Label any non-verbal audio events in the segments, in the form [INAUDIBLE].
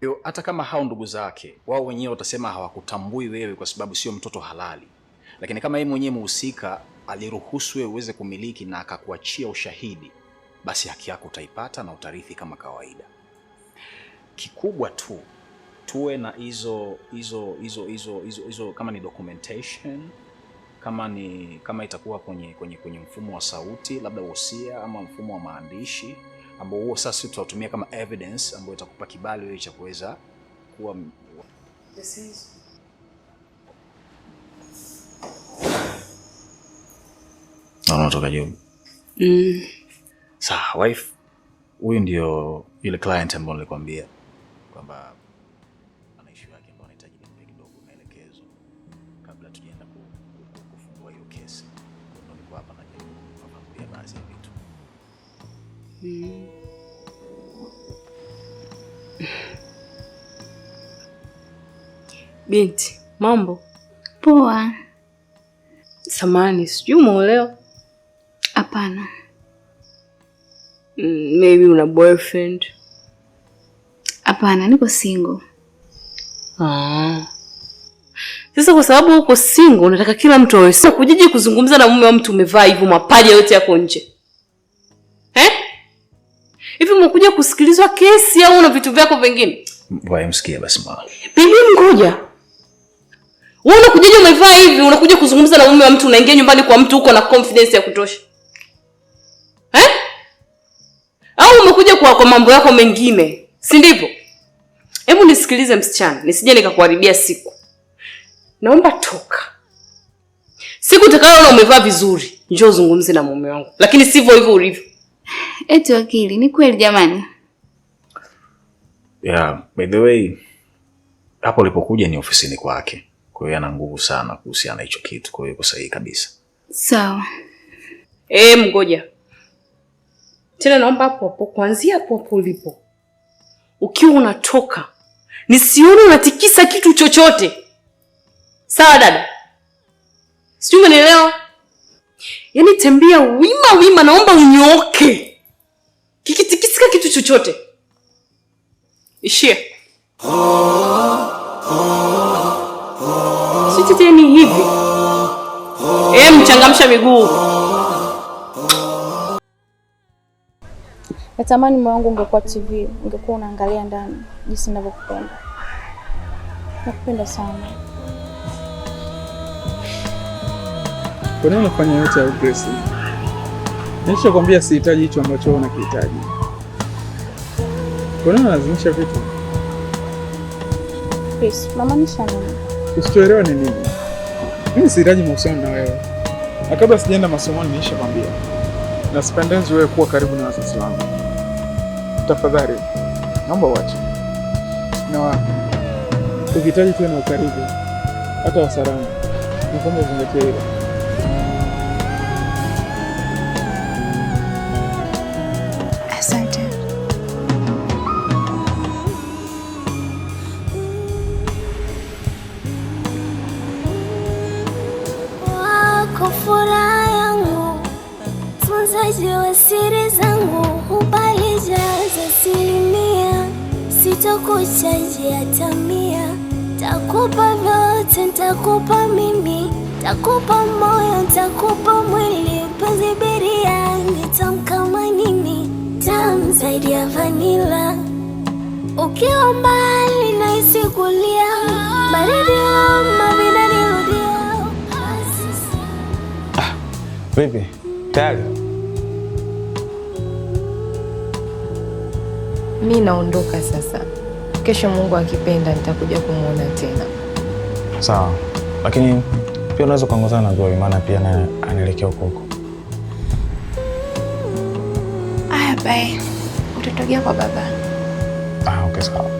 Yo, hata kama hao ndugu zake wao wenyewe watasema hawakutambui wewe kwa sababu sio mtoto halali, lakini kama yeye mwenyewe muhusika aliruhusu wewe uweze kumiliki na akakuachia ushahidi, basi haki yako utaipata na utarithi kama kawaida. Kikubwa tu tuwe na hizo hizo hizo hizo hizo, kama ni documentation, kama ni kama itakuwa kwenye kwenye kwenye mfumo wa sauti, labda wosia ama mfumo wa maandishi ambao huo sasa tutatumia kama evidence ambayo itakupa kibali wewe cha kuweza kuwa toka juu. Eh. Sawa wife, huyu ndio yule client ambaye nilikwambia kwamba Mm. Binti, mambo poa. Samani, sijui umeolewa? Hapana. Mm, maybe una boyfriend? Hapana, niko single. Ah. Sasa kwa sababu uko single unataka kila mtu awe, kujiji kuzungumza na mume wa mtu umevaa hivyo mapaja yote yako nje hivi umekuja kusikilizwa kesi au una vitu vyako vingine? Msikie basi mama. Bibi Mguja, wewe unakujaje umevaa hivi? Unakuja kuzungumza na mume wa mtu, unaingia nyumbani kwa mtu uko na confidence ya kutosha eh? Au umekuja kwa, kwa mambo yako mengine, si ndivyo? Hebu nisikilize msichana, nisije nikakuharibia siku. Naomba toka siku utakayoona umevaa vizuri, njoo uzungumze na mume wangu, lakini sivyo hivyo ulivyo Eti wakili, ni kweli jamani? Yeah, by the way hapo ulipokuja ni ofisini kwake, kwa hiyo ana nguvu sana kuhusiana na hicho kitu, kwa hiyo yuko sahihi kabisa. Sawa. Eh, mgoja tena, naomba hapo hapo, kuanzia hapo hapo ulipo, ukiwa unatoka nisione unatikisa kitu chochote. Sawa dada, sijui umenielewa? Yaani tembea wima wima, naomba unyoke kikitikisika kitu chochote ishie sititeni hivi e, eh, mchangamsha miguu. Natamani moyo wangu ungekuwa TV, ungekuwa unaangalia ndani jinsi ninavyokupenda. Nakupenda sana. Kwa nini unafanya yote ya aggressive? Nishakwambia sihitaji hicho ambacho unakihitaji. Kwa nini unalazimisha vitu? Usichoelewa ni nini? Mimi sihitaji mahusiano na wewe, na kabla sijaenda masomoni nishakwambia na sipendezi wewe kuwa karibu na wazazi wangu. Tafadhali naomba uache, na ukihitaji tena ukaribu hata wasalama, naomba uzingatie hilo. yako furaha yangu, tunzaji wa siri zangu, ubali jaza asilimia, sitokuchaji hata mia, takupa vyote, ntakupa mimi, takupa moyo, ntakupa mwili, penzi biria, kama nini, tamu zaidi ya vanila, ukiwa mbali naisi kulia baridi Vipi? Tayari? Mi naondoka sasa. Kesho Mungu akipenda nitakuja kumwona tena. Sawa, lakini pia unaweza kuongozana na Goli, maana pia naye anaelekea huko huko. Aya, bye. Utatokea kwa baba. Ah, okay, sawa.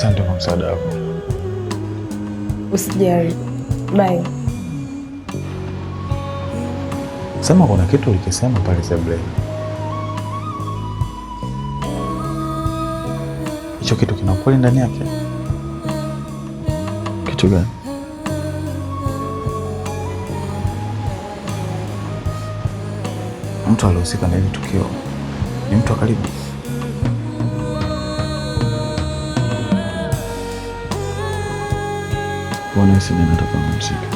Asante kwa msaada wako. Usijali. Bye. Sema kuna kitu ulikisema pale sebuleni. Hicho kitu kina ukweli ndani yake. Kitu gani? Mtu alihusika na hili tukio ni mtu wa karibu. Bwana Wanasijinatapamziki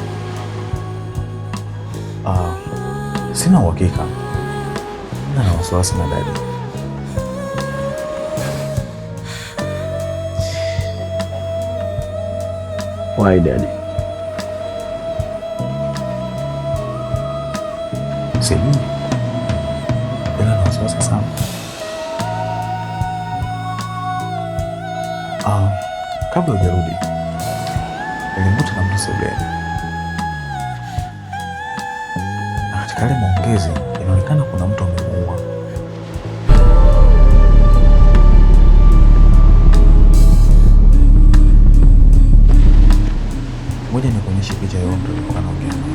uh, ah, sina uhakika na wasiwasi na dada. Why daddy? Sijui ila na wasiwasi sana. Uh, kabla ujarudi nilimkuta na Mnasebleni na katika yale maongezi inaonekana kuna mtu amemuua. Moja ni picha ya mtu alikuwa anaongea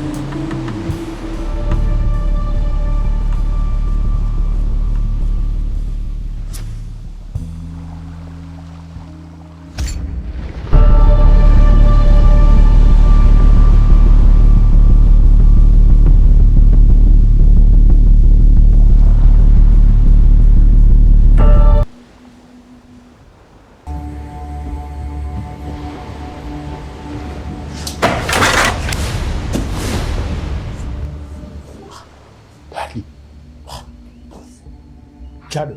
Chado,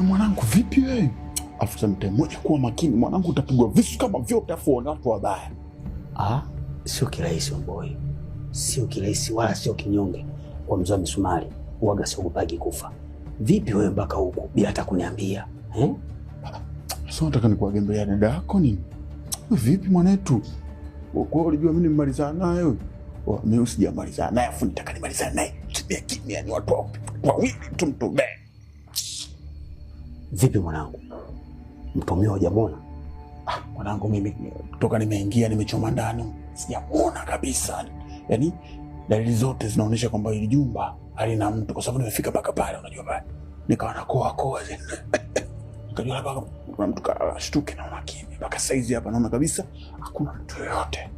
mwanangu, vipi wewe? Afisa mtemoja, kuwa makini mwanangu, utapigwa visu kama vyote, afu uone watu wabaya. Ah, sio kirahisi mboi, sio kirahisi wala sio kinyonge kwa mzee wa misumari, uwaga siogopagi kufa. Vipi wewe mpaka huku bila hata kuniambia eh? Sasa nataka nikuwagembelea yaani dada yako nini? Vipi mwanetu, kwa ulijua mimi nimemaliza naye wewe mimi sijamalizana naye, afu nitaka nimalizane naye kimya kimya, ni watu wawili tu mtobee. Vipi mwanangu, mtumio hujamwona? Ah, mwanangu mimi toka nimeingia nimechoma ndani sijamwona kabisa, yaani dalili zote zinaonyesha kwamba ili jumba halina mtu, kwa sababu nimefika mpaka pale, unajua pale nikawa nakoa koa [LAUGHS] nikajua labda kuna mtu kashtuke, na kimya mpaka saizi hapa naona kabisa hakuna mtu yoyote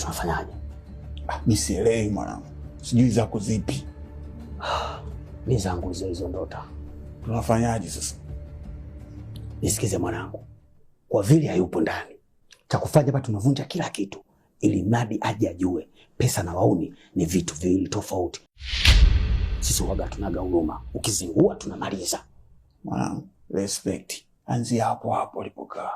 tunafanyaje? Ah, mi sielewi mwanangu, sijui zako zipi. Ni zangu hizo hizo ndota. Tunafanyaje sasa? Nisikize mwanangu, kwa vile hayupo ndani, cha kufanya hapa tunavunja kila kitu, ili mradi aje ajue pesa na wauni ni vitu viwili tofauti. Sisi waga tunaga huruma, ukizingua tunamaliza. Mwanangu, respect, anzia hapo hapo alipokaa.